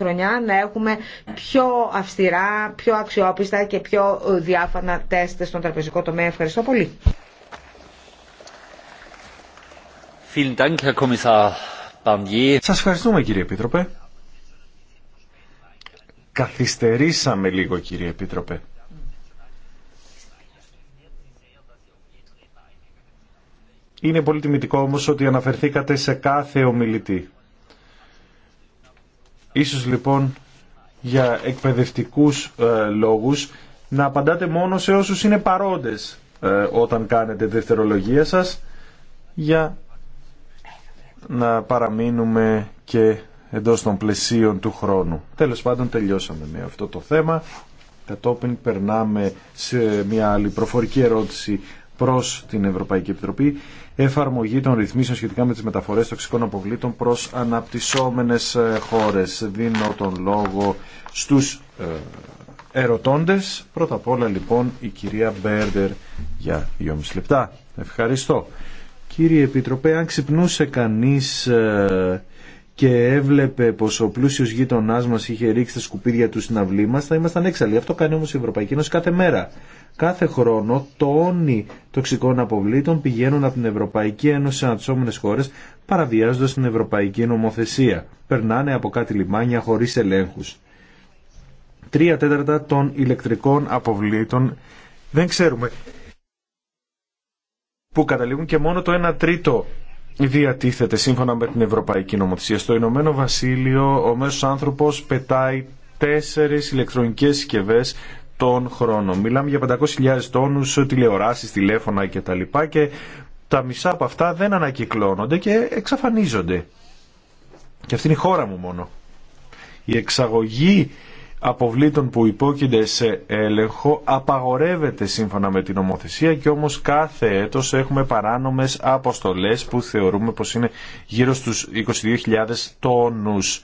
χρονιά να έχουμε πιο αυστηρά, πιο αξιόπιστα και πιο διάφανα τεστ στον τραπεζικό τομέα. Ευχαριστώ πολύ. Σας ευχαριστούμε κύριε Επίτροπε. Καθυστερήσαμε λίγο κύριε Επίτροπε. Είναι πολύ τιμητικό όμως ότι αναφερθήκατε σε κάθε ομιλητή. Ίσως λοιπόν για εκπαιδευτικούς ε, λόγους να απαντάτε μόνο σε όσους είναι παρόντες ε, όταν κάνετε δευτερολογία σας για να παραμείνουμε και εντός των πλαισίων του χρόνου. Τέλος πάντων τελειώσαμε με αυτό το θέμα. Κατόπιν περνάμε σε μια άλλη προφορική ερώτηση προς την Ευρωπαϊκή Επιτροπή εφαρμογή των ρυθμίσεων σχετικά με τις μεταφορές τοξικών αποβλήτων προς αναπτυσσόμενες ε, χώρες. Δίνω τον λόγο στους ε, ερωτώντες. Πρώτα απ' όλα λοιπόν η κυρία Μπέρντερ για 2,5 λεπτά. Ευχαριστώ. Κύριε Επιτροπέ, αν ξυπνούσε κανείς ε, και έβλεπε πω ο πλούσιο γείτονά μα είχε ρίξει τα σκουπίδια του στην αυλή μα, θα ήμασταν έξαλλοι. Αυτό κάνει όμω η Ευρωπαϊκή Ένωση κάθε μέρα. Κάθε χρόνο τόνοι τοξικών αποβλήτων πηγαίνουν από την Ευρωπαϊκή Ένωση σε ανατσόμενε χώρες παραβιάζοντα την Ευρωπαϊκή Νομοθεσία. Περνάνε από κάτι λιμάνια χωρί ελέγχου. Τρία τέταρτα των ηλεκτρικών αποβλήτων δεν ξέρουμε που καταλήγουν και μόνο το 1 τρίτο διατίθεται σύμφωνα με την Ευρωπαϊκή Νομοθεσία. Στο Ηνωμένο Βασίλειο ο μέσος άνθρωπος πετάει τέσσερις ηλεκτρονικές συσκευέ τον χρόνο. Μιλάμε για 500.000 τόνους, τηλεοράσεις, τηλέφωνα κτλ. Και τα μισά από αυτά δεν ανακυκλώνονται και εξαφανίζονται. Και αυτή είναι η χώρα μου μόνο. Η εξαγωγή αποβλήτων που υπόκεινται σε έλεγχο απαγορεύεται σύμφωνα με την νομοθεσία και όμως κάθε έτος έχουμε παράνομες αποστολές που θεωρούμε πως είναι γύρω στους 22.000 τόνους.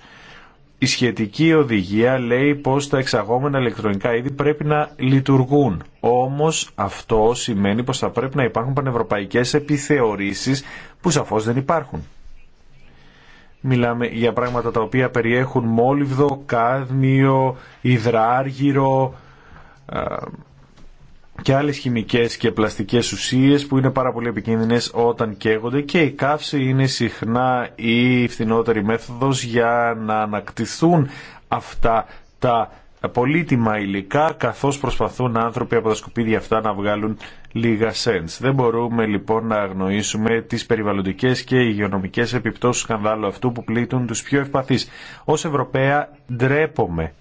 Η σχετική οδηγία λέει πως τα εξαγόμενα ηλεκτρονικά είδη πρέπει να λειτουργούν. Όμως αυτό σημαίνει πως θα πρέπει να υπάρχουν πανευρωπαϊκές επιθεωρήσεις που σαφώς δεν υπάρχουν. Μιλάμε για πράγματα τα οποία περιέχουν μόλυβδο, κάδμιο, υδράργυρο ε, και άλλες χημικές και πλαστικές ουσίες που είναι πάρα πολύ επικίνδυνες όταν καίγονται και η καύση είναι συχνά η φθηνότερη μέθοδος για να ανακτηθούν αυτά τα πολύτιμα υλικά καθώς προσπαθούν άνθρωποι από τα σκουπίδια αυτά να βγάλουν λίγα σέντς. Δεν μπορούμε λοιπόν να αγνοήσουμε τις περιβαλλοντικές και υγειονομικές επιπτώσεις σκανδάλου αυτού που πλήττουν τους πιο ευπαθείς. Ως Ευρωπαία ντρέπομαι.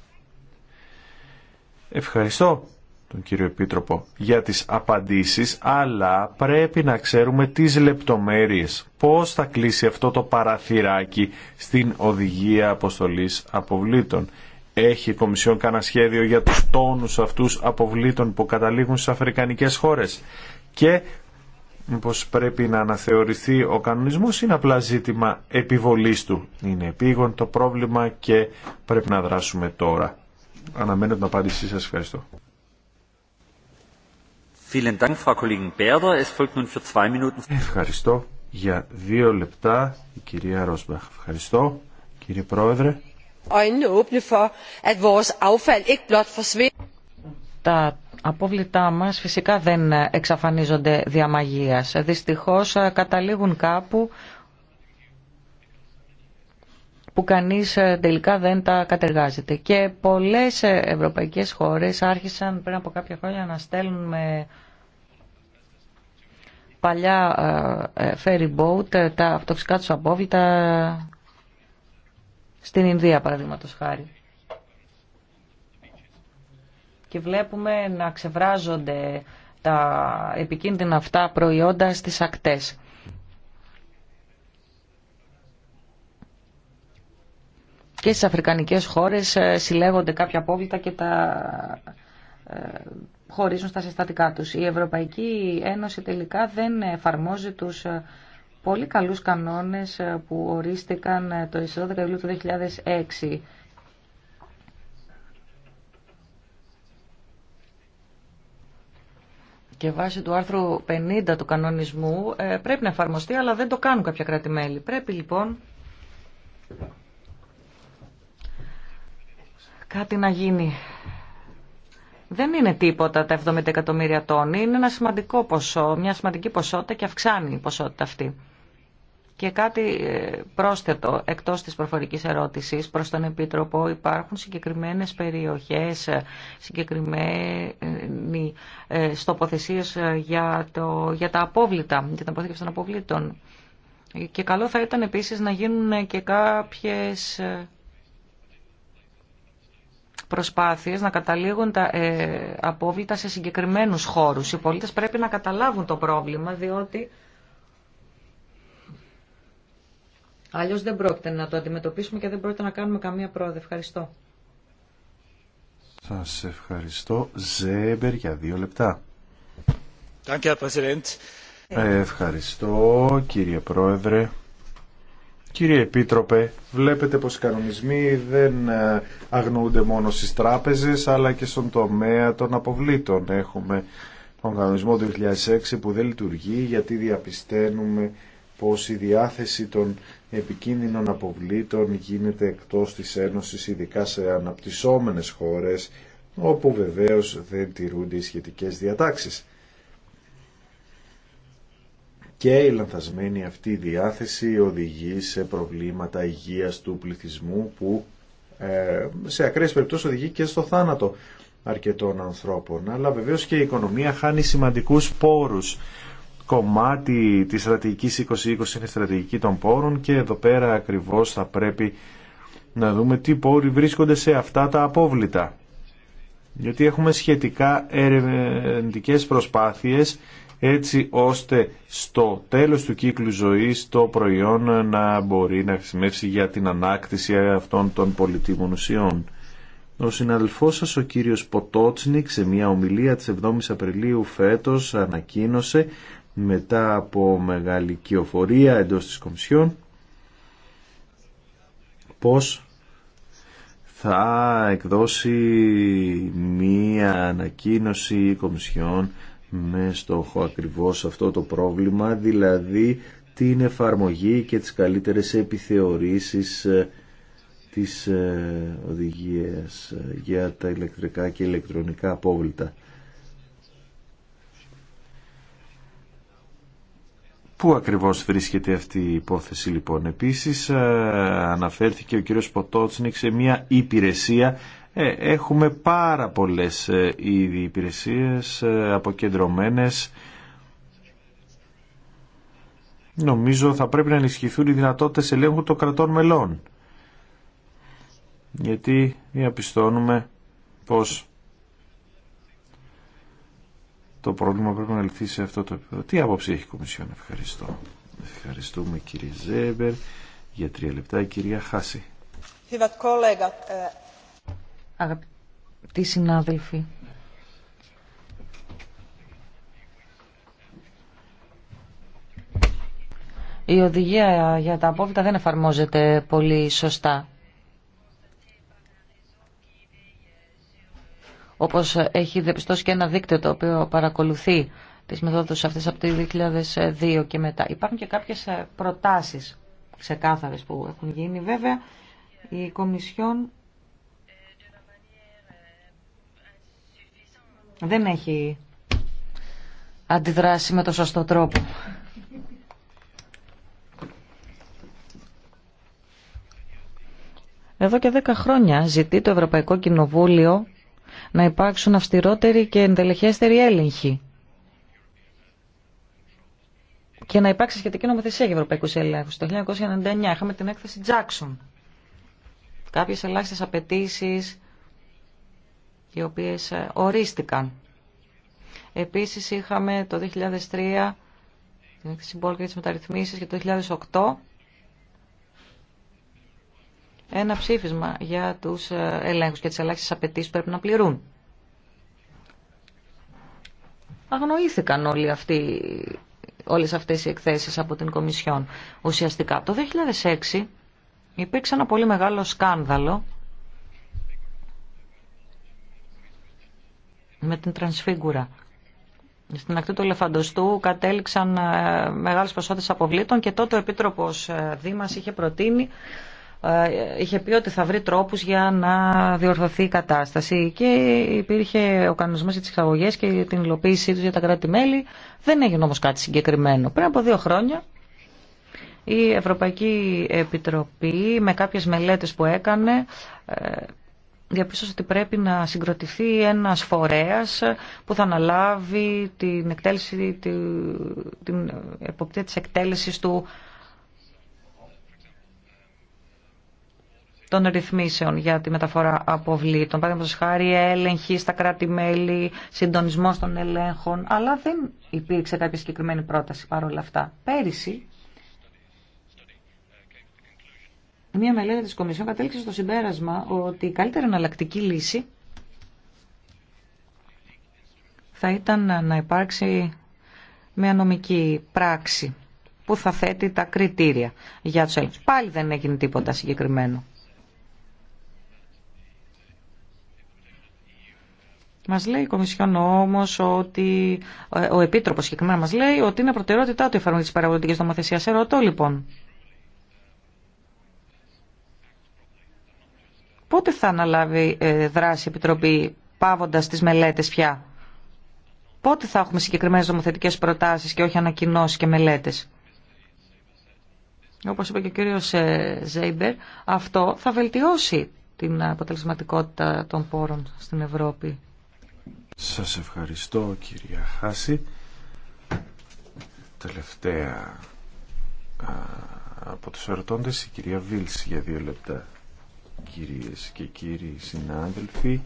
Ευχαριστώ τον κύριο Επίτροπο για τις απαντήσεις, αλλά πρέπει να ξέρουμε τις λεπτομέρειες. Πώς θα κλείσει αυτό το παραθυράκι στην οδηγία αποστολής αποβλήτων. Έχει η Κομισιόν κανένα σχέδιο για τους τόνους αυτούς αποβλήτων που καταλήγουν στις αφρικανικές χώρες. Και πως πρέπει να αναθεωρηθεί ο κανονισμός είναι απλά ζήτημα επιβολής του. Είναι επίγον το πρόβλημα και πρέπει να δράσουμε τώρα. Αναμένω την απάντησή σας. Ευχαριστώ. Ευχαριστώ για δύο λεπτά η κυρία Ρόσμπαχ. Ευχαριστώ κύριε Πρόεδρε. Τα απόβλητά μας φυσικά δεν εξαφανίζονται διαμαγείας. Δυστυχώς ε, καταλήγουν κάπου που κανείς ε, τελικά δεν τα κατεργάζεται. Και πολλές ε, ευρωπαϊκές χώρες άρχισαν πριν από κάποια χρόνια να στέλνουν με παλιά ferry boat τα αυτοξικά τους απόβλητα στην Ινδία παραδείγματο χάρη. Και βλέπουμε να ξεβράζονται τα επικίνδυνα αυτά προϊόντα στις ακτές. Και στις αφρικανικές χώρες ε, συλλέγονται κάποια απόβλητα και τα ε, χωρίζουν στα συστατικά τους. Η Ευρωπαϊκή Ένωση τελικά δεν εφαρμόζει τους ε, πολύ καλούς κανόνες ε, που ορίστηκαν ε, το 12 Ιουλίου του 2006. Και βάσει του άρθρου 50 του κανονισμού ε, πρέπει να εφαρμοστεί, αλλά δεν το κάνουν κάποια κράτη-μέλη. Πρέπει λοιπόν κάτι να γίνει. Δεν είναι τίποτα τα 70 εκατομμύρια τόνοι, είναι ένα σημαντικό ποσό, μια σημαντική ποσότητα και αυξάνει η ποσότητα αυτή. Και κάτι ε, πρόσθετο, εκτός της προφορικής ερώτησης προς τον Επίτροπο, υπάρχουν συγκεκριμένες περιοχές, ε, συγκεκριμένοι ε, στοποθεσίες για, το, για τα απόβλητα, για την αποθήκευση των αποβλήτων. Και καλό θα ήταν επίσης να γίνουν και κάποιες προσπάθειες να καταλήγουν τα απόβλητα σε συγκεκριμένους χώρους. Οι πολίτες πρέπει να καταλάβουν το πρόβλημα, διότι Αλλιώ δεν πρόκειται να το αντιμετωπίσουμε και δεν πρόκειται να κάνουμε καμία πρόοδο. Ευχαριστώ. Σα ευχαριστώ. Ζέμπερ για δύο λεπτά. Ευχαριστώ κύριε Πρόεδρε. Κύριε Επίτροπε, βλέπετε πως οι κανονισμοί δεν ε, αγνοούνται μόνο στις τράπεζες αλλά και στον τομέα των αποβλήτων. Έχουμε τον κανονισμό 2006 που δεν λειτουργεί γιατί διαπιστένουμε πως η διάθεση των επικίνδυνων αποβλήτων γίνεται εκτός της Ένωσης, ειδικά σε αναπτυσσόμενες χώρες, όπου βεβαίως δεν τηρούνται οι σχετικές διατάξεις. Και η λανθασμένη αυτή διάθεση οδηγεί σε προβλήματα υγείας του πληθυσμού που ε, σε ακραίες περιπτώσεις οδηγεί και στο θάνατο αρκετών ανθρώπων. Αλλά βεβαίως και η οικονομία χάνει σημαντικούς πόρους κομμάτι της στρατηγικής 2020 είναι η στρατηγική των πόρων και εδώ πέρα ακριβώς θα πρέπει να δούμε τι πόροι βρίσκονται σε αυτά τα απόβλητα. Γιατί έχουμε σχετικά ερευνητικές προσπάθειες έτσι ώστε στο τέλος του κύκλου ζωής το προϊόν να μπορεί να χρησιμεύσει για την ανάκτηση αυτών των πολιτικών ουσιών. Ο συναδελφός σας, ο κύριος Ποτότσνικ, σε μια ομιλία της 7ης Απριλίου φέτος ανακοίνωσε μετά από μεγάλη κυοφορία εντός της Κομισιόν πως θα εκδώσει μία ανακοίνωση Κομισιόν με στόχο ακριβώς αυτό το πρόβλημα, δηλαδή την εφαρμογή και τις καλύτερες επιθεωρήσεις ε, της ε, οδηγίας ε, για τα ηλεκτρικά και ηλεκτρονικά απόβλητα. Πού ακριβώς βρίσκεται αυτή η υπόθεση λοιπόν. Επίσης ε, αναφέρθηκε ο κύριος Ποτότσνικ σε μια υπηρεσία. Ε, έχουμε πάρα πολλές ε, ήδη υπηρεσίες αποκεντρωμένες. Νομίζω θα πρέπει να ενισχυθούν οι δυνατότητες ελέγχου των κρατών μελών. Γιατί διαπιστώνουμε πως το πρόβλημα πρέπει να λυθεί σε αυτό το επίπεδο. Τι άποψη έχει η Κομισιόν. Ευχαριστώ. Ευχαριστούμε κύριε Ζέμπερ. Για τρία λεπτά η κυρία Χάση. Ε, Αγαπητοί συνάδελφοι, η οδηγία για τα απόβλητα δεν εφαρμόζεται πολύ σωστά. όπως έχει διαπιστώσει και ένα δίκτυο το οποίο παρακολουθεί τις μεθόδους αυτές από το 2002 και μετά. Υπάρχουν και κάποιες ε, προτάσεις ξεκάθαρες που έχουν γίνει. Βέβαια, η Κομισιόν δεν έχει αντιδράσει με το σωστό τρόπο. Εδώ και 10 χρόνια ζητεί το Ευρωπαϊκό Κοινοβούλιο να υπάρξουν αυστηρότεροι και εντελεχέστεροι έλεγχοι και να υπάρξει σχετική νομοθεσία για ευρωπαϊκού ελέγχου. Το 1999 είχαμε την έκθεση Jackson. Κάποιε ελάχιστε απαιτήσει οι οποίε ε, ορίστηκαν. Επίση είχαμε το 2003 την έκθεση τη μεταρρυθμίσει και το 2008 ένα ψήφισμα για τους ε, ελέγχους και τις ελάχιστες απαιτήσει που πρέπει να πληρούν. Αγνοήθηκαν όλοι αυτοί, όλες αυτές οι εκθέσεις από την Κομισιόν. Ουσιαστικά το 2006 υπήρξε ένα πολύ μεγάλο σκάνδαλο με την τρανσφίγκουρα. Στην ακτή του Λεφαντοστού κατέληξαν ε, μεγάλες ποσότητες αποβλήτων και τότε ο Επίτροπος ε, Δήμας είχε προτείνει ε, είχε πει ότι θα βρει τρόπους για να διορθωθεί η κατάσταση και υπήρχε ο κανονισμός για τις εξαγωγές και την υλοποίησή τους για τα κράτη-μέλη. Δεν έγινε όμως κάτι συγκεκριμένο. Πριν από δύο χρόνια η Ευρωπαϊκή Επιτροπή με κάποιες μελέτες που έκανε ε, διαπίστωσε ότι πρέπει να συγκροτηθεί ένας φορέας που θα αναλάβει την, εκτέλεση, την εποπτεία της εκτέλεσης του των ρυθμίσεων για τη μεταφορά αποβλήτων. Παραδείγματο χάρη έλεγχη στα κράτη-μέλη, συντονισμό των ελέγχων, αλλά δεν υπήρξε κάποια συγκεκριμένη πρόταση παρόλα αυτά. Πέρυσι, μια μελέτη της Κομισιόν κατέληξε στο συμπέρασμα ότι η καλύτερη εναλλακτική λύση θα ήταν να υπάρξει μια νομική πράξη που θα θέτει τα κριτήρια για τους έλεγχους. Πάλι δεν έγινε τίποτα συγκεκριμένο. Μας λέει η Κομισιόν όμω ότι ε, ο Επίτροπος συγκεκριμένα μας λέει ότι είναι προτεραιότητά του εφαρμογή της παραγωγικής Σε Ερωτώ λοιπόν. Πότε θα αναλάβει ε, δράση η Επιτροπή πάβοντα τι μελέτες πια. Πότε θα έχουμε συγκεκριμένες νομοθετικέ προτάσεις και όχι ανακοινώσει και μελέτε. Όπως είπε και ο κύριος ε, Ζέιμπερ, αυτό θα βελτιώσει την αποτελεσματικότητα των πόρων στην Ευρώπη. Σας ευχαριστώ κυρία Χάση. Τελευταία από τους ερωτώντες η κυρία Βίλση, για δύο λεπτά. Κυρίες και κύριοι συνάδελφοι,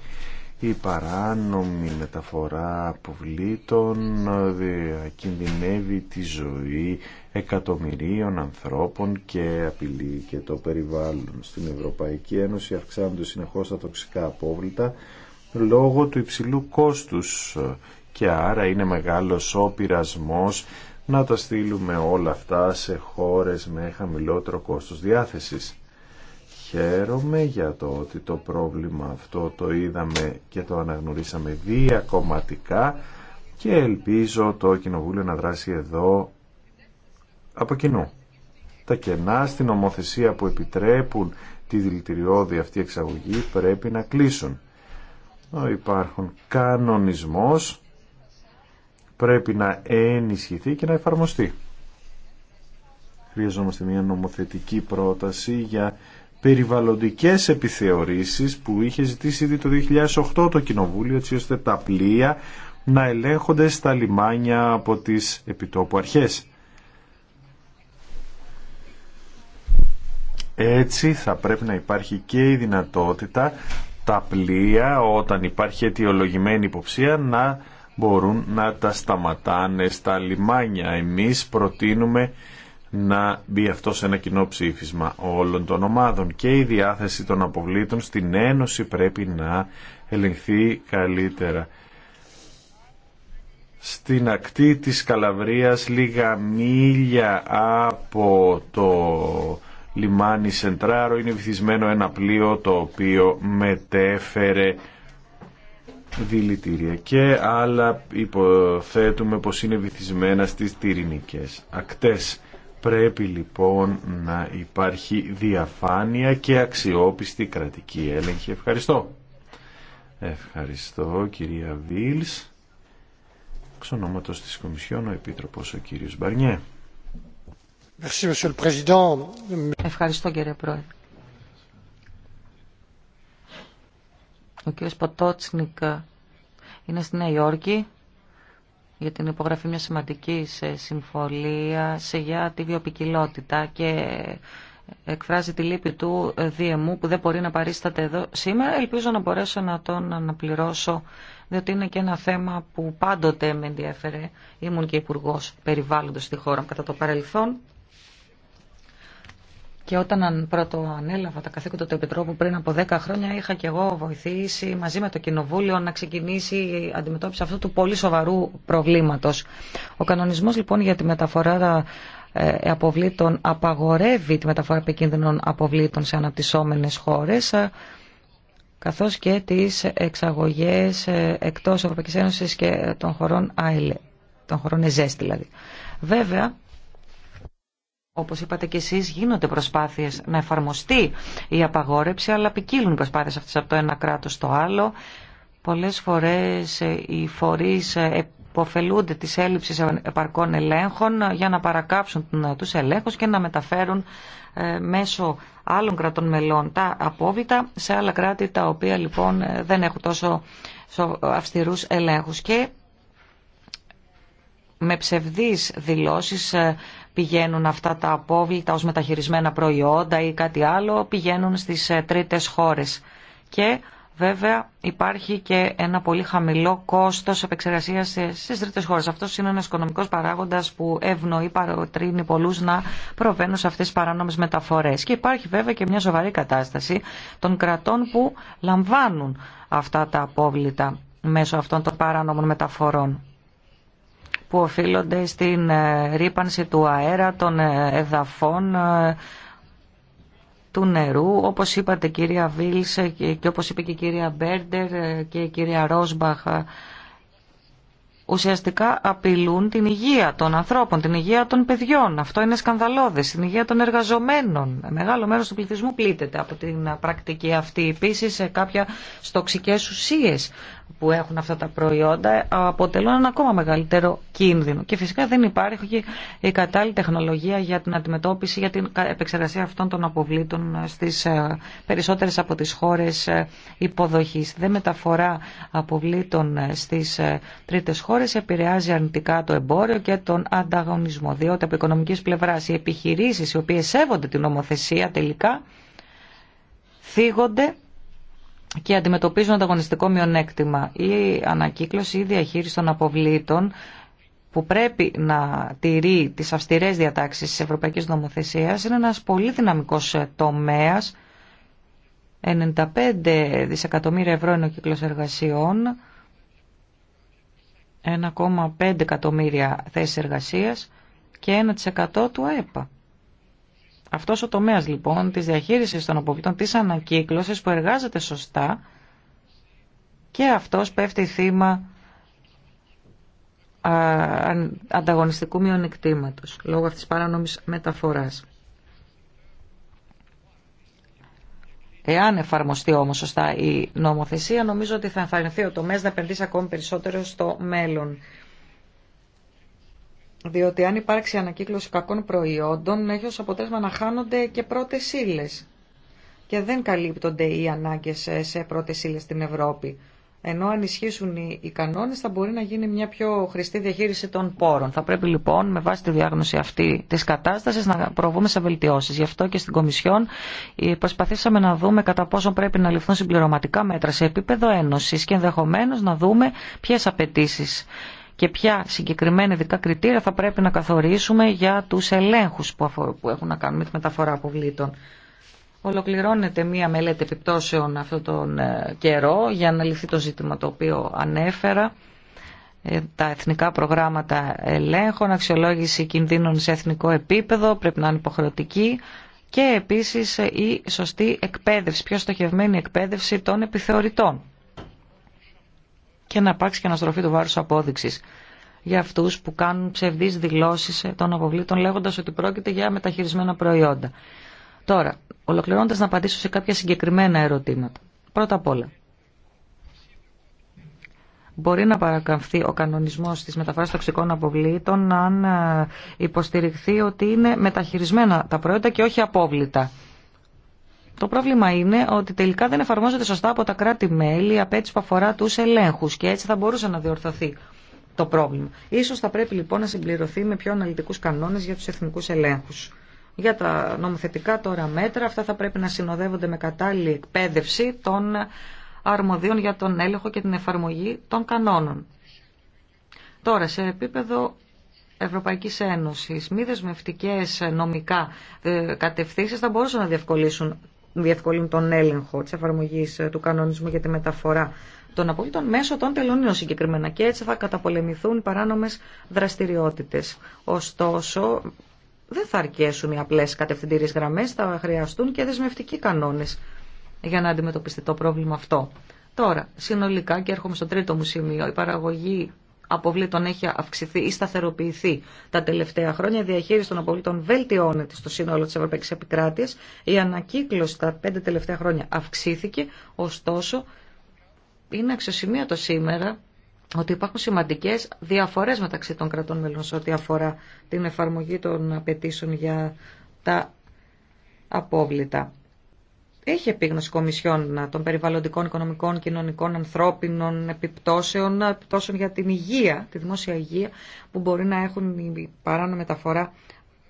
η παράνομη μεταφορά αποβλήτων κινδυνεύει τη ζωή εκατομμυρίων ανθρώπων και απειλεί και το περιβάλλον. Στην Ευρωπαϊκή Ένωση αυξάνονται συνεχώς τα τοξικά απόβλητα λόγω του υψηλού κόστους ε, και άρα είναι μεγάλος ο πειρασμός να τα στείλουμε όλα αυτά σε χώρες με χαμηλότερο κόστος διάθεσης. Χαίρομαι για το ότι το πρόβλημα αυτό το είδαμε και το αναγνωρίσαμε διακομματικά και ελπίζω το Κοινοβούλιο να δράσει εδώ από κοινού. Τα κενά στην ομοθεσία που επιτρέπουν τη δηλητηριώδη αυτή εξαγωγή πρέπει να κλείσουν. Υπάρχουν κανονισμός, πρέπει να ενισχυθεί και να εφαρμοστεί. Χρειαζόμαστε μια νομοθετική πρόταση για περιβαλλοντικές επιθεωρήσεις που είχε ζητήσει ήδη το 2008 το Κοινοβούλιο έτσι ώστε τα πλοία να ελέγχονται στα λιμάνια από τις επιτόπου αρχές. Έτσι θα πρέπει να υπάρχει και η δυνατότητα τα πλοία όταν υπάρχει αιτιολογημένη υποψία να μπορούν να τα σταματάνε στα λιμάνια. Εμείς προτείνουμε να μπει αυτό σε ένα κοινό ψήφισμα όλων των ομάδων και η διάθεση των αποβλήτων στην Ένωση πρέπει να ελεγχθεί καλύτερα. Στην ακτή της Καλαβρίας λίγα μίλια από το λιμάνι Σεντράρο είναι βυθισμένο ένα πλοίο το οποίο μετέφερε δηλητήρια και άλλα υποθέτουμε πως είναι βυθισμένα στις τυρινικές ακτές. Πρέπει λοιπόν να υπάρχει διαφάνεια και αξιόπιστη κρατική έλεγχη. Ευχαριστώ. Ευχαριστώ κυρία Βίλς. Ξονόματος της Κομισιόν ο Επίτροπος ο κύριος Μπαρνιέ. Ευχαριστώ κύριε Πρόεδρε. Ο κύριος Ποτότσνικ είναι στη Νέα Υόρκη για την υπογραφή μιας σημαντικής σε για τη βιοπικιλότητα και εκφράζει τη λύπη του ε, Διεμού που δεν μπορεί να παρίσταται εδώ σήμερα. Ελπίζω να μπορέσω να τον αναπληρώσω, διότι είναι και ένα θέμα που πάντοτε με ενδιαφέρε. Ήμουν και υπουργό περιβάλλοντος στη χώρα κατά το παρελθόν και όταν πρώτο ανέλαβα τα καθήκοντα του Επιτρόπου πριν από 10 χρόνια, είχα και εγώ βοηθήσει μαζί με το Κοινοβούλιο να ξεκινήσει η αντιμετώπιση αυτού του πολύ σοβαρού προβλήματο. Ο κανονισμό λοιπόν για τη μεταφορά ε, αποβλήτων απαγορεύει τη μεταφορά επικίνδυνων αποβλήτων σε αναπτυσσόμενες χώρε καθώ και τι εξαγωγέ ε, εκτό Ευρωπαϊκή Ένωση και των χωρών ΑΕΛΕ, των χωρών ΕΖΕΣ δηλαδή. Βέβαια, όπως είπατε και εσείς, γίνονται προσπάθειες να εφαρμοστεί η απαγόρευση, αλλά ποικίλουν οι προσπάθειες αυτές από το ένα κράτος στο άλλο. Πολλές φορές ε, οι φορείς υποφελούνται ε, της έλλειψης επαρκών ελέγχων για να παρακάψουν ε, τους ελέγχους και να μεταφέρουν μέσω άλλων κρατών μελών τα απόβητα σε άλλα κράτη τα οποία λοιπόν δεν έχουν τόσο αυστηρούς ελέγχους και με ψευδείς δηλώσεις πηγαίνουν αυτά τα απόβλητα ως μεταχειρισμένα προϊόντα ή κάτι άλλο, πηγαίνουν στις ε, τρίτες χώρες. Και βέβαια υπάρχει και ένα πολύ χαμηλό κόστος επεξεργασίας στις τρίτες χώρες. Αυτός είναι ένας οικονομικός παράγοντας που ευνοεί παροτρύνει πολλούς να προβαίνουν σε αυτές τις παράνομες μεταφορές. Και υπάρχει βέβαια και μια σοβαρή κατάσταση των κρατών που λαμβάνουν αυτά τα απόβλητα μέσω αυτών των παράνομων μεταφορών που οφείλονται στην ε, ρήπανση του αέρα, των ε, εδαφών, ε, του νερού. Όπως είπατε κυρία Βίλσε και όπως είπε και η κυρία Μπέρντερ και η κυρία Ρόσμπαχ, ουσιαστικά απειλούν την υγεία των ανθρώπων, την υγεία των παιδιών. Αυτό είναι σκανδαλώδε. την υγεία των εργαζομένων. Μεγάλο μέρο του πληθυσμού πλήττεται από την πρακτική αυτή. Επίση σε κάποια στόξικέ ουσίε που έχουν αυτά τα προϊόντα αποτελούν ένα ακόμα μεγαλύτερο κίνδυνο. Και φυσικά δεν υπάρχει η κατάλληλη τεχνολογία για την αντιμετώπιση, για την επεξεργασία αυτών των αποβλήτων στι ε, περισσότερε από τι χώρε υποδοχή. Δεν μεταφορά αποβλήτων ε, στι ε, τρίτε χώρε χώρες επηρεάζει αρνητικά το εμπόριο και τον ανταγωνισμό. Διότι από οικονομικής πλευράς οι επιχειρήσεις οι οποίες σέβονται την νομοθεσία τελικά θίγονται και αντιμετωπίζουν ανταγωνιστικό μειονέκτημα. Η ανακύκλωση ή η διαχειριση των αποβλήτων που πρέπει να τηρεί τις αυστηρές διατάξεις της Ευρωπαϊκής Νομοθεσίας είναι ένας πολύ δυναμικός τομέας 95 δισεκατομμύρια ευρώ είναι ο κύκλος εργασιών 1,5 εκατομμύρια θέσεις εργασίας και 1% του ΑΕΠΑ. Αυτός ο τομέας λοιπόν της διαχείρισης των αποβλητών της ανακύκλωσης που εργάζεται σωστά και αυτός πέφτει θύμα ανταγωνιστικού μειονεκτήματος λόγω αυτής της παράνομης μεταφοράς. Εάν εφαρμοστεί όμως σωστά η νομοθεσία, νομίζω ότι θα εμφανιστεί ο τομέας να επενδύσει ακόμη περισσότερο στο μέλλον. Διότι αν υπάρξει ανακύκλωση κακών προϊόντων, έχει ως αποτέλεσμα να χάνονται και πρώτες ύλες. Και δεν καλύπτονται οι ανάγκες σε πρώτες ύλες στην Ευρώπη. Ενώ αν ισχύσουν οι κανόνες θα μπορεί να γίνει μια πιο χρηστή διαχείριση των πόρων. Θα πρέπει λοιπόν με βάση τη διάγνωση αυτή της κατάστασης να προβούμε σε βελτιώσεις. Γι' αυτό και στην Κομισιόν ε, προσπαθήσαμε να δούμε κατά πόσο πρέπει να ληφθούν συμπληρωματικά μέτρα σε επίπεδο ένωσης και ενδεχομένως να δούμε ποιε απαιτήσει και ποια συγκεκριμένα ειδικά κριτήρια θα πρέπει να καθορίσουμε για τους ελέγχους που έχουν να κάνουν με τη μεταφορά αποβλήτων. Ολοκληρώνεται μία μελέτη επιπτώσεων αυτόν τον ε, καιρό για να λυθεί το ζήτημα το οποίο ανέφερα. Ε, τα εθνικά προγράμματα ελέγχων, αξιολόγηση κινδύνων σε εθνικό επίπεδο πρέπει να είναι υποχρεωτική και επίσης ε, η σωστή εκπαίδευση, πιο στοχευμένη εκπαίδευση των επιθεωρητών και να υπάρξει και αναστροφή του βάρους απόδειξης για αυτούς που κάνουν ψευδείς δηλώσεις των αποβλήτων λέγοντας ότι πρόκειται για μεταχειρισμένα προϊόντα. Τώρα, ολοκληρώνοντας να απαντήσω σε κάποια συγκεκριμένα ερωτήματα. Πρώτα απ' όλα, μπορεί να παρακαμφθεί ο κανονισμός της μεταφράσης τοξικών αποβλήτων αν ε, υποστηριχθεί ότι είναι μεταχειρισμένα τα προϊόντα και όχι απόβλητα. Το πρόβλημα είναι ότι τελικά δεν εφαρμόζεται σωστά από τα κράτη-μέλη η απέτηση που αφορά του ελέγχου. και έτσι θα μπορούσε να διορθωθεί το πρόβλημα. Ίσως θα πρέπει λοιπόν να συμπληρωθεί με πιο αναλυτικούς κανόνες για τους εθνικούς ελέγχους. Για τα νομοθετικά τώρα μέτρα, αυτά θα πρέπει να συνοδεύονται με κατάλληλη εκπαίδευση των αρμοδίων για τον έλεγχο και την εφαρμογή των κανόνων. Τώρα, σε επίπεδο Ευρωπαϊκής Ένωσης, μη δεσμευτικέ νομικά ε, κατευθύνσεις θα μπορούσαν να διευκολύνουν, τον έλεγχο της εφαρμογής ε, του κανονισμού για τη μεταφορά των απολύτων μέσω των τελωνίων συγκεκριμένα και έτσι θα καταπολεμηθούν παράνομες δραστηριότητες. Ωστόσο, δεν θα αρκέσουν οι απλές κατευθυντήριες γραμμές, θα χρειαστούν και δεσμευτικοί κανόνες για να αντιμετωπιστεί το πρόβλημα αυτό. Τώρα, συνολικά και έρχομαι στο τρίτο μου σημείο, η παραγωγή αποβλήτων έχει αυξηθεί ή σταθεροποιηθεί τα τελευταία χρόνια. Η διαχείριση των αποβλήτων βελτιώνεται στο σύνολο τη Ευρωπαϊκή Επικράτεια. Η ανακύκλωση τα πέντε τελευταία χρόνια αυξήθηκε. Ωστόσο, είναι αξιοσημείωτο σήμερα ότι υπάρχουν σημαντικές διαφορές μεταξύ των κρατών μελών σε ό,τι αφορά την εφαρμογή των απαιτήσεων για τα απόβλητα. Έχει επίγνωση κομισιών των περιβαλλοντικών, οικονομικών, κοινωνικών, ανθρώπινων επιπτώσεων, επιπτώσεων για την υγεία, τη δημόσια υγεία, που μπορεί να έχουν η παράνομη μεταφορά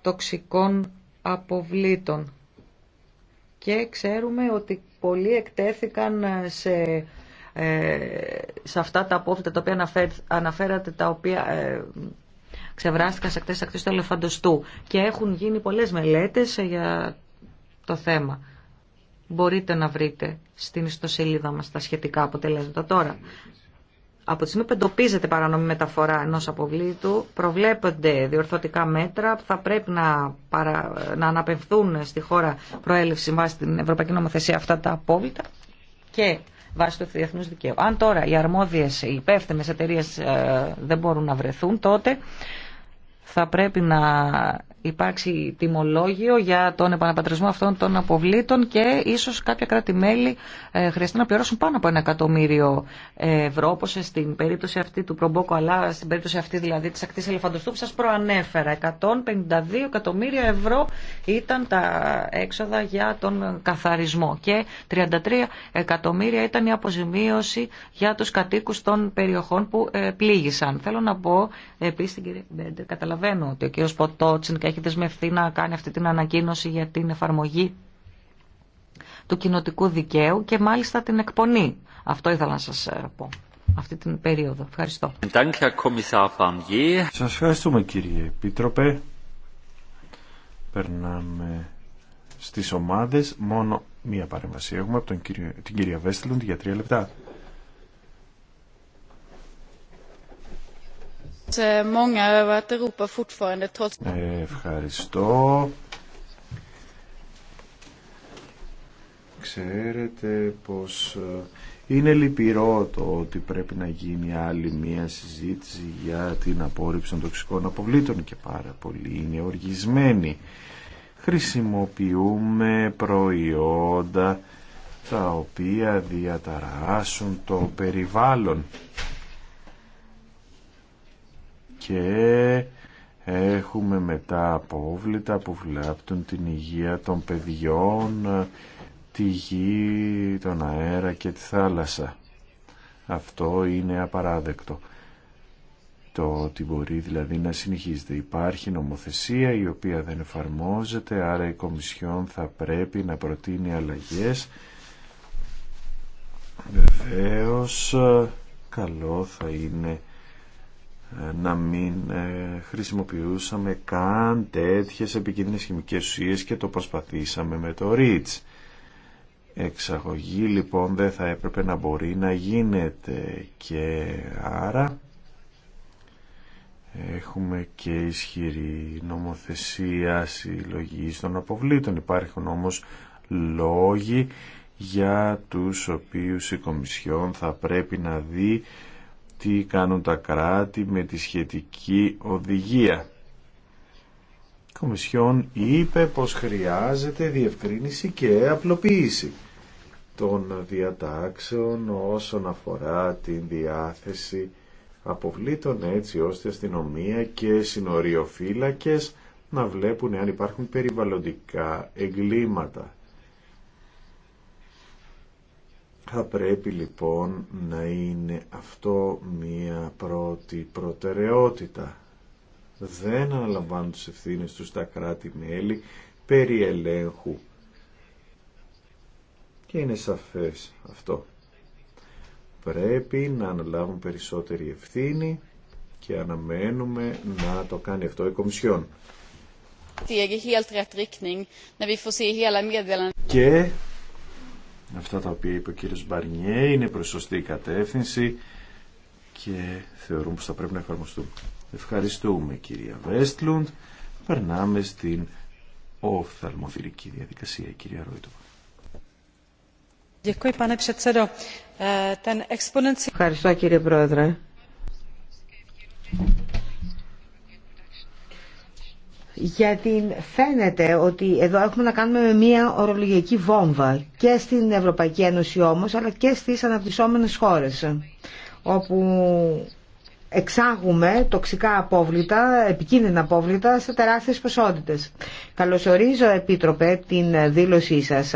τοξικών αποβλήτων. Και ξέρουμε ότι πολλοί εκτέθηκαν σε ε, σε αυτά τα απόφυτα τα οποία αναφέρατε, τα οποία ε, ξεβράστηκαν σε ακτές ακτές του ελεφαντοστού και έχουν γίνει πολλές μελέτες για το θέμα. Μπορείτε να βρείτε στην ιστοσελίδα μας τα σχετικά αποτελέσματα τώρα. Από τη στιγμή που εντοπίζεται παρανομή μεταφορά ενό αποβλήτου, προβλέπονται διορθωτικά μέτρα που θα πρέπει να, παρα... να αναπευθούν στη χώρα προέλευση βάσει την Ευρωπαϊκή Νομοθεσία αυτά τα απόβλητα και βάσει του διεθνού δικαίου. Αν τώρα οι αρμόδιες, οι υπεύθυνε εταιρείε ε, δεν μπορούν να βρεθούν, τότε θα πρέπει να υπάρξει τιμολόγιο για τον επαναπατρισμό αυτών των αποβλήτων και ίσως κάποια κράτη-μέλη ε, χρειαστεί να πληρώσουν πάνω από ένα εκατομμύριο ευρώ, όπως στην περίπτωση αυτή του Προμπόκο, αλλά στην περίπτωση αυτή δηλαδή της ακτής ελεφαντοστού που σας προανέφερα. 152 εκατομμύρια ευρώ ήταν τα έξοδα για τον καθαρισμό και 33 εκατομμύρια ήταν η αποζημίωση για τους κατοίκους των περιοχών που ε, πλήγησαν. Θέλω να πω επίσης την καταλαβαίνω ότι ο κύριος Ποτότσιν έχει δεσμευθεί να κάνει αυτή την ανακοίνωση για την εφαρμογή του κοινοτικού δικαίου και μάλιστα την εκπονή. Αυτό ήθελα να σας ε, πω αυτή την περίοδο. Ευχαριστώ. Σας ευχαριστούμε κύριε Επίτροπε. Περνάμε στις ομάδες. Μόνο μία παρέμβαση έχουμε από τον κύριο, την κυρία Βέστελουντ για τρία λεπτά. Eh, Ευχαριστώ. Ξέρετε πως ε, είναι λυπηρό το ότι πρέπει να γίνει άλλη μία συζήτηση για την απόρριψη των τοξικών αποβλήτων και πάρα πολύ είναι οργισμένοι. Χρησιμοποιούμε προϊόντα τα οποία διαταράσσουν το περιβάλλον και έχουμε μετά απόβλητα που βλάπτουν την υγεία των παιδιών, τη γη, τον αέρα και τη θάλασσα. Αυτό είναι απαράδεκτο. Το ότι μπορεί δηλαδή να συνεχίζεται. Υπάρχει νομοθεσία η οποία δεν εφαρμόζεται, άρα η Κομισιόν θα πρέπει να προτείνει αλλαγές. Βεβαίως, καλό θα είναι να μην ε, χρησιμοποιούσαμε καν τέτοιες επικίνδυνες χημικές ουσίες και το προσπαθήσαμε με το ΡΙΤΣ. Εξαγωγή λοιπόν δεν θα έπρεπε να μπορεί να γίνεται και άρα έχουμε και ισχυρή νομοθεσία συλλογή των αποβλήτων. Υπάρχουν όμως λόγοι για τους οποίους η Κομισιόν θα πρέπει να δει τι κάνουν τα κράτη με τη σχετική οδηγία. Η Κομισιόν είπε πως χρειάζεται διευκρίνηση και απλοποίηση των διατάξεων όσον αφορά την διάθεση αποβλήτων έτσι ώστε αστυνομία και συνοριοφύλακες να βλέπουν αν υπάρχουν περιβαλλοντικά εγκλήματα θα πρέπει λοιπόν να είναι αυτό μία πρώτη προτεραιότητα. Δεν αναλαμβάνουν τις ευθύνες τους τα κράτη-μέλη περί ελέγχου. Και είναι σαφές αυτό. Πρέπει να αναλάβουν περισσότερη ευθύνη και αναμένουμε να το κάνει αυτό η Κομισιόν. Δηλαδή. Και Αυτά τα οποία είπε ο κύριος Μπαρνιέ είναι προς σωστή κατεύθυνση και θεωρούμε πως θα πρέπει να εφαρμοστούν. Ευχαριστούμε κυρία Βέστλουντ. Περνάμε στην οφθαλμοθυρική διαδικασία, κυρία Ρόιτοβα. Eh, Ευχαριστώ κύριε Πρόεδρε γιατί φαίνεται ότι εδώ έχουμε να κάνουμε με μια ορολογιακή βόμβα και στην Ευρωπαϊκή Ένωση όμως αλλά και στις αναπτυσσόμενες χώρες όπου εξάγουμε τοξικά απόβλητα, επικίνδυνα απόβλητα σε τεράστιες ποσότητες. Καλωσορίζω, Επίτροπε, την δήλωσή σας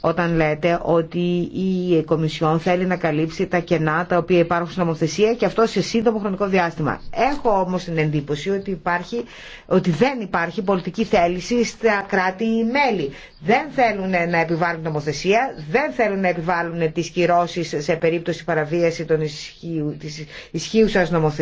όταν λέτε ότι η Κομισιόν θέλει να καλύψει τα κενά τα οποία υπάρχουν στην νομοθεσία και αυτό σε σύντομο χρονικό διάστημα. Έχω όμως την εντύπωση ότι, υπάρχει, ότι δεν υπάρχει πολιτική θέληση στα κράτη-μέλη. Δεν θέλουν να επιβάλλουν νομοθεσία, δεν θέλουν να επιβάλλουν τις κυρώσεις σε περίπτωση παραβίαση των ισχύου, της ισχύουσας νομοθεσίας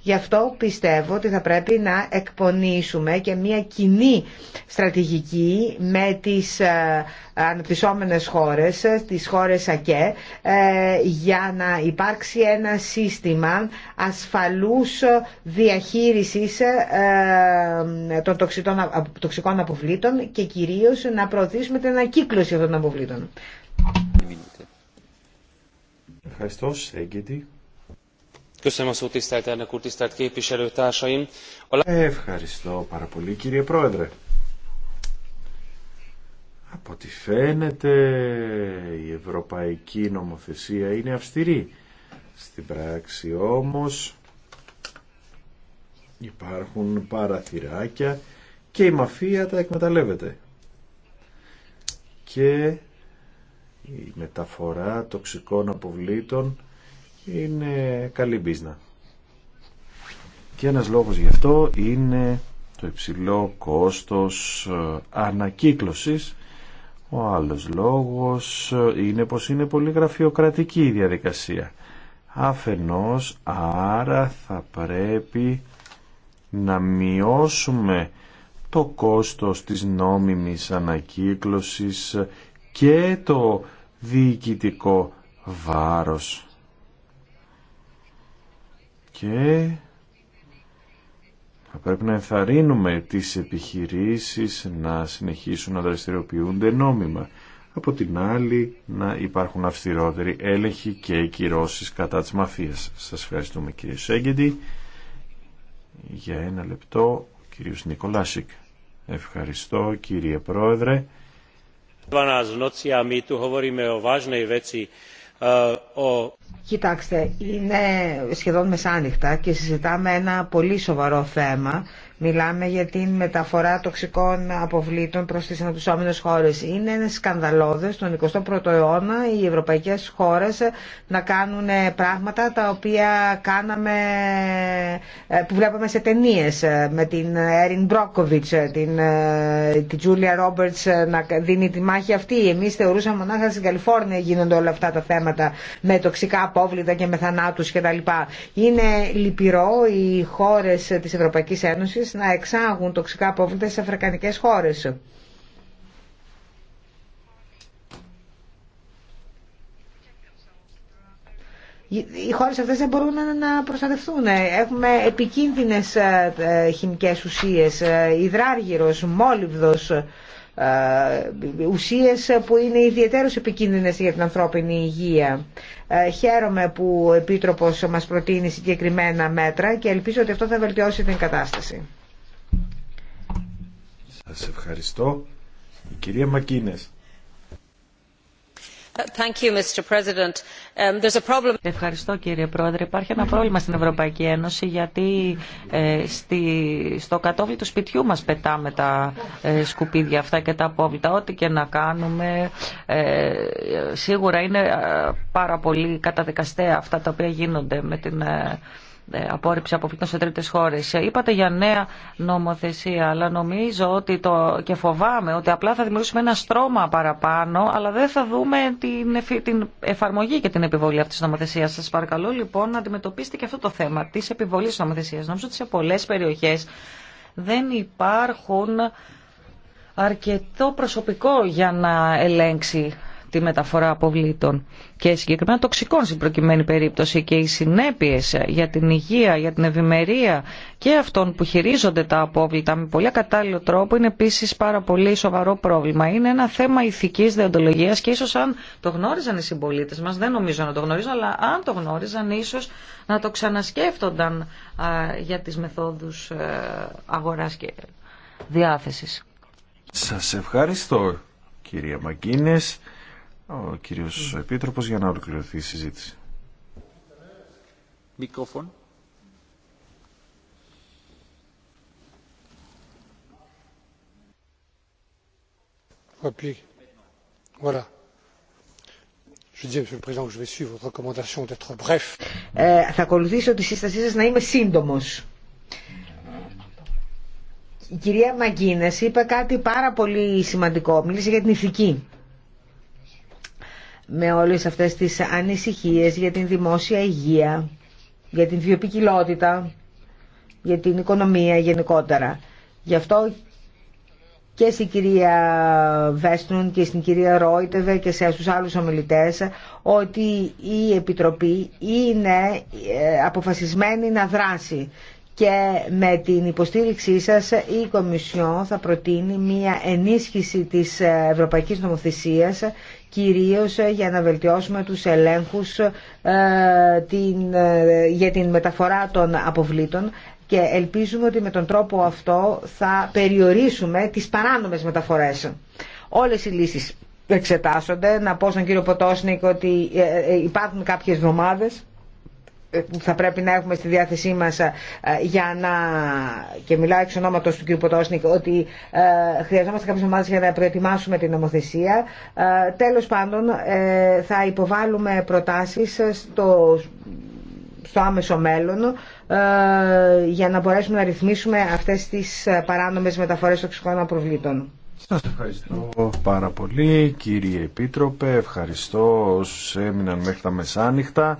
Γι' αυτό πιστεύω ότι θα πρέπει να εκπονήσουμε και μια κοινή στρατηγική με τις ε, αναπτυσσόμενες χώρες, τις χώρες ΑΚΕ, ε, για να υπάρξει ένα σύστημα ασφαλούς διαχείρισης ε, των τοξικών αποβλήτων και κυρίως να προωθήσουμε την ανακύκλωση των αποβλήτων. Ευχαριστώ, Ευχαριστώ πάρα πολύ κύριε Πρόεδρε. Από ό,τι φαίνεται η ευρωπαϊκή νομοθεσία είναι αυστηρή. Στην πράξη όμως υπάρχουν παραθυράκια και η μαφία τα εκμεταλλεύεται. Και η μεταφορά τοξικών αποβλήτων είναι καλή μπίζνα. Και ένας λόγος γι' αυτό είναι το υψηλό κόστος ε, ανακύκλωσης. Ο άλλος λόγος ε, είναι πως είναι πολύ γραφειοκρατική η διαδικασία. Αφενός, άρα θα πρέπει να μειώσουμε το κόστος της νόμιμης ανακύκλωσης και το διοικητικό βάρος και θα πρέπει να ενθαρρύνουμε τις επιχειρήσεις να συνεχίσουν να δραστηριοποιούνται νόμιμα. Από την άλλη να υπάρχουν αυστηρότεροι έλεγχοι και κυρώσεις κατά της μαφίας. Σας ευχαριστούμε κύριε Σέγγεντη. Για ένα λεπτό κύριος Νικολάσικ. Ευχαριστώ κύριε Πρόεδρε. 12 ε, Κοιτάξτε, είναι σχεδόν μεσάνυχτα και συζητάμε ένα πολύ σοβαρό θέμα Μιλάμε για την μεταφορά τοξικών αποβλήτων προς τις αναπτυσσόμενες χώρες. Είναι ένα σκανδαλώδες 21ο αιώνα οι ευρωπαϊκές χώρες να κάνουν πράγματα τα οποία κάναμε, που βλέπαμε σε ταινίες με την Έριν Μπρόκοβιτς, την, την Τζούλια Ρόμπερτς να δίνει τη μάχη αυτή. Εμείς θεωρούσαμε μονάχα στην Καλιφόρνια γίνονται όλα αυτά τα θέματα με τοξικά απόβλητα και με θανάτους κτλ. Είναι λυπηρό οι χώρες της Ευρωπαϊκής Ένωσης να εξάγουν τοξικά απόβλητα σε αφρικανικές χώρες. Οι χώρες αυτές δεν μπορούν να προστατευτούν. Έχουμε επικίνδυνες ε, ε, χημικές ουσίες, ε, υδράργυρος, μόλυβδος, ουσίες που είναι ιδιαίτερως επικίνδυνες για την ανθρώπινη υγεία. Χαίρομαι που ο Επίτροπος μας προτείνει συγκεκριμένα μέτρα και ελπίζω ότι αυτό θα βελτιώσει την κατάσταση. Σας ευχαριστώ. Η κυρία Μακίνες. Thank you, Mr. President. Um, there's a problem... Ευχαριστώ κύριε Πρόεδρε. Υπάρχει ένα πρόβλημα στην Ευρωπαϊκή Ένωση γιατί ε, στη, στο κατόβλη του σπιτιού μας πετάμε τα ε, σκουπίδια αυτά και τα απόβλητα. Ό,τι και να κάνουμε ε, σίγουρα είναι ε, πάρα πολύ καταδικαστέα αυτά τα οποία γίνονται με την ε, ε, απόρριψη αποφύγων σε τρίτε χώρε. Ε, είπατε για νέα νομοθεσία, αλλά νομίζω ότι το, και φοβάμαι ότι απλά θα δημιουργήσουμε ένα στρώμα παραπάνω, αλλά δεν θα δούμε την, την εφαρμογή και την επιβολή αυτής της νομοθεσίας. Σας παρακαλώ λοιπόν να αντιμετωπίσετε και αυτό το θέμα τη επιβολή τη νομοθεσίας. Νομίζω ότι σε πολλέ περιοχέ δεν υπάρχουν αρκετό προσωπικό για να ελέγξει τη μεταφορά αποβλήτων και συγκεκριμένα τοξικών στην προκειμένη περίπτωση και οι συνέπειες για την υγεία, για την ευημερία και αυτών που χειρίζονται τα απόβλητα με πολύ κατάλληλο τρόπο είναι επίσης πάρα πολύ σοβαρό πρόβλημα. Είναι ένα θέμα ηθικής δεοντολογίας και ίσως αν το γνώριζαν οι συμπολίτε μας, δεν νομίζω να το γνωρίζουν, αλλά αν το γνώριζαν ίσως να το ξανασκέφτονταν για τις μεθόδους ε, αγοράς και διάθεσης. Σας ευχαριστώ κυρία Μακίνες ο κύριος Επίτροπος για να ολοκληρωθεί η συζήτηση. Μικρόφωνο. θα ακολουθήσω τη σύστασή να είμαι σύντομος. Η κυρία Μαγκίνες είπε κάτι πάρα πολύ σημαντικό. Μίλησε για την ηθική με όλες αυτές τις ανησυχίες για την δημόσια υγεία, για την βιοπικιλότητα, για την οικονομία γενικότερα. Γι' αυτό και στην κυρία Βέστρουν και στην κυρία Ρόιτεβε και σε στους άλλους ομιλητές ότι η Επιτροπή είναι ε, αποφασισμένη να δράσει και με την υποστήριξή σας η Κομισιόν θα προτείνει μια ενίσχυση της Ευρωπαϊκής Νομοθεσίας κυρίως για να βελτιώσουμε τους ελέγχους ε, ε, για την μεταφορά των αποβλήτων και ελπίζουμε ότι με τον τρόπο αυτό θα περιορίσουμε τις παράνομες μεταφορές. Όλες οι λύσεις εξετάσσονται. Να πω στον κύριο Ποτόσνικ ότι ε, υπάρχουν κάποιες εβδομάδες που θα πρέπει να έχουμε στη διάθεσή μας ε, για να, και μιλάω εξ ονόματος του κ. Ποτόσνικ, ότι ε, χρειαζόμαστε κάποιες ομάδες για να προετοιμάσουμε την νομοθεσία. Ε, τέλος πάντων, θα υποβάλουμε προτάσεις στο, άμεσο μέλλον για να μπορέσουμε να ρυθμίσουμε αυτές τις παράνομες μεταφορές οξυγόνων προβλήτων. Σας ευχαριστώ πάρα πολύ κύριε Επίτροπε, ευχαριστώ όσους έμειναν μέχρι τα μεσάνυχτα.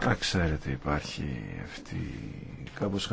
Α, υπάρχει αυτή κάπως